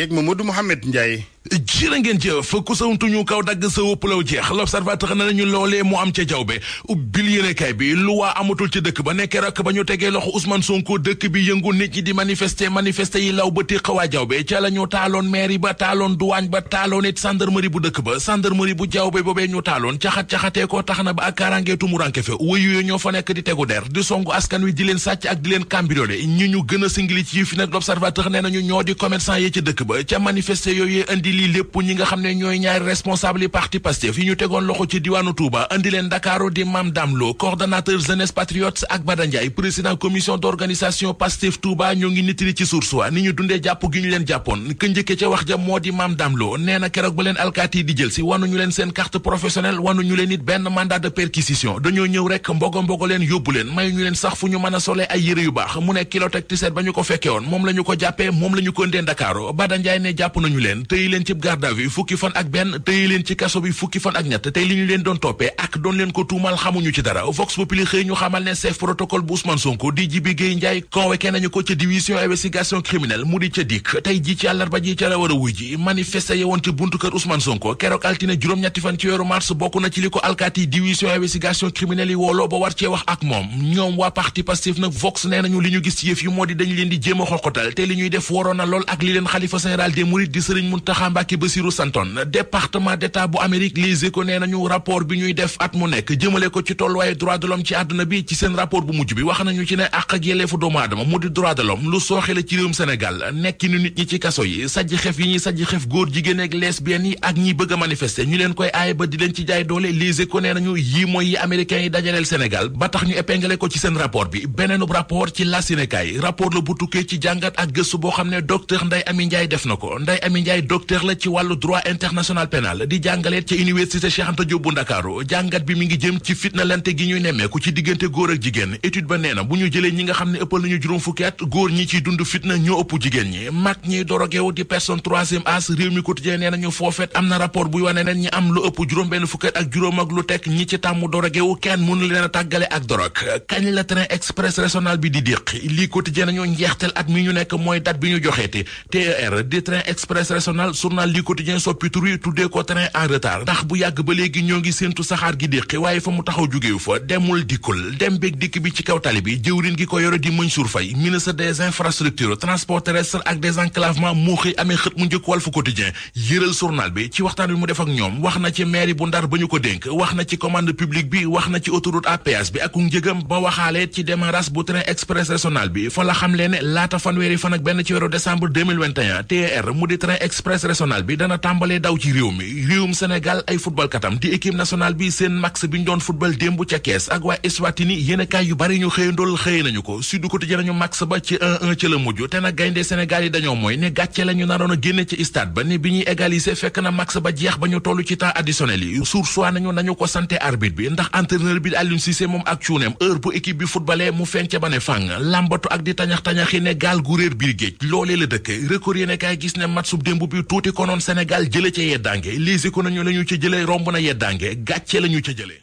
yeeg Mamadou Mouhamed Ndiaye jërë ngeen jëf ku sawuntuñu kaw dagg sa wëppalaw jeex l'observateur na nañu loolee mu am ca jaw be ubbil yéenekaay dëkk ba nekkee rek ba ñu tegee loxo Ousmane Sonko dëkk bi yëngu nit di manifester manifester law ba waa jaw be ca la ñu taaloon mairie ba taaloon duwaañ ba taaloon it gendarmerie bu dëkk ba gendarmerie bu jaw be boobee ñu taaloon caxat-caxatee ko tax na ba ak nekk di tegu der di songu askan wi di leen sàcc ak di leen cambriolé ñi ñu gën a singili ci fi nag l'observateur nee nañu ñoo di commerçant yi ci dëkk ba ca manifester yooyu indi lii lépp ñi nga xam ne ñooy ñaari responsable yi parti Pastef yi ñu tegoon loxo ci diwaanu Touba andi leen Ndakaaru di Mame Dame Lo coordonnateur jeunesse patriote ak Bada Ndiaye président commission d'organisation Pastef Touba ñoo ngi nittali ci source wa ni ñu dundee jàpp gi ñu leen jàppoon ke njëkke ca wax ja moo di Mame Dame Lo nee keroog ba leen alkaati di jël si wanuñu leen seen carte professionnelle wanuñu leen it benn mandat de perquisition dañoo moom la ñu ko jàppee moom ci garde à fukki fan ak benn téye leen ci kaso bi fukki fan ak ñett tey li ñu leen doon toppee ak doon leen ko tuumal xamuñu ci dara Vox Populi xëy ñu xamal ne chef protocole bu Ousmane Sonko di Jibi Gueye Ndiaye convoqué nañu ko ca division investigation criminelle mu di ca dikk tey ji ci àllarba ji ca la war a wuy ji manifesté yewoon ci buntu kër Ousmane Sonko keroog altine juróom-ñetti fan ci weeru mars bokk na ci li ko alkaati division investigation ba war cee wax ak moom ñoom waa parti Pastef li ñu gis ci yëf yi leen di jéem a xoxotal te ñuy def waroon na lool ak li leen xalifa général des mourides Mbàkke Basiru santoon département d'état bu Amérique Les Échos nee nañu rapport bi ñuy def at mu nekk jëmale ko ci tolluwaayu droit de l'homme ci àdduna bi ci seen rapport bu mujj bi wax nañu ci ne àq ak yelleefu doomu mu di droit de l'homme lu sooxe la ci réewum Sénégal nekkinu nit ñi ci kaso yi sajj xef yi ñuy sajj xef góor jigéen ak lesbiennes yi ak ñi bëgg a ñu leen koy aaye ba di leen ci jaay doole Les Échos nee nañu yii mooy yi américains yi dajaleel Sénégal ba tax ñu épinglé ko ci seen rapport bi beneenub rapport ci la Sénégal rapport la bu tukkee ci jàngat ak gëstu boo xam ne docteur Ndeye def na ko Ndeye Amy Ndiaye docteur professeur la ci wàllu droit international pénal di jàngaleet ci université Cheikh Anta bu Ndakaaru jàngat bi mi ngi jëm ci fitna lante gi ñuy nemmeeku ci diggante góor ak jigéen étude ba nee na bu ñu jëlee ñi nga xam ne ëppal nañu juróom fukki at góor ñi ciy dund fitna ñoo ëpp jigéen ñi mag ñiy dorogewu di personne troisième âge réew mi quotidien nee nañu foofeet am na rapport buy wane neen ñi am lu ëpp juróom benn fukki ak juróom ak lu teg ñi ci tàmm dorogewu kenn mënu tàggale ak dorog journal li quotidien soppi tur yi tuddee ko train des infrastructures moo xëy amee xët mu njëkk Walf Quotidien yëral journal bi ci waxtaan bi mu def ak ñoom wax na ci mairie bu Ndar ba ko dénk wax na ci commande publique bi wax na ci autoroute à bi ak njëgam ba waxaale ci démarrage bu train express régional bi fa la ne laata fanweeri fan ak benn ci weeru décembre 2021 TER mu di train express national bi dana tàmbalee daw ci réew mi réewum Sénégal ay football katam di équipe nationale bi seen max bi ñu doon football démb ca kees ak waa Eswatini yéenekaay yu bari ñu xëyandool xëy nañu ko Sud Quotidien nañu max ba ci 1-1 ci la mujj te nag gaynde Sénégal yi dañoo mooy ne gàcce la ñu naroon a génne ci stade ba ne bi ñuy égaliser fekk na max ba jeex ba ñu toll ci temps additionnel yi suur soit nañu nañu ko santé arbitre bi ndax entraîneur bi Aliou Cissé ne fàng gu réer biir gis ne match su démb bi yëkkati ko noon Sénégal jële ca yeddaange lisi ko nañu la ñu ca jële romb na yeddaange gàcce la ñu ca jële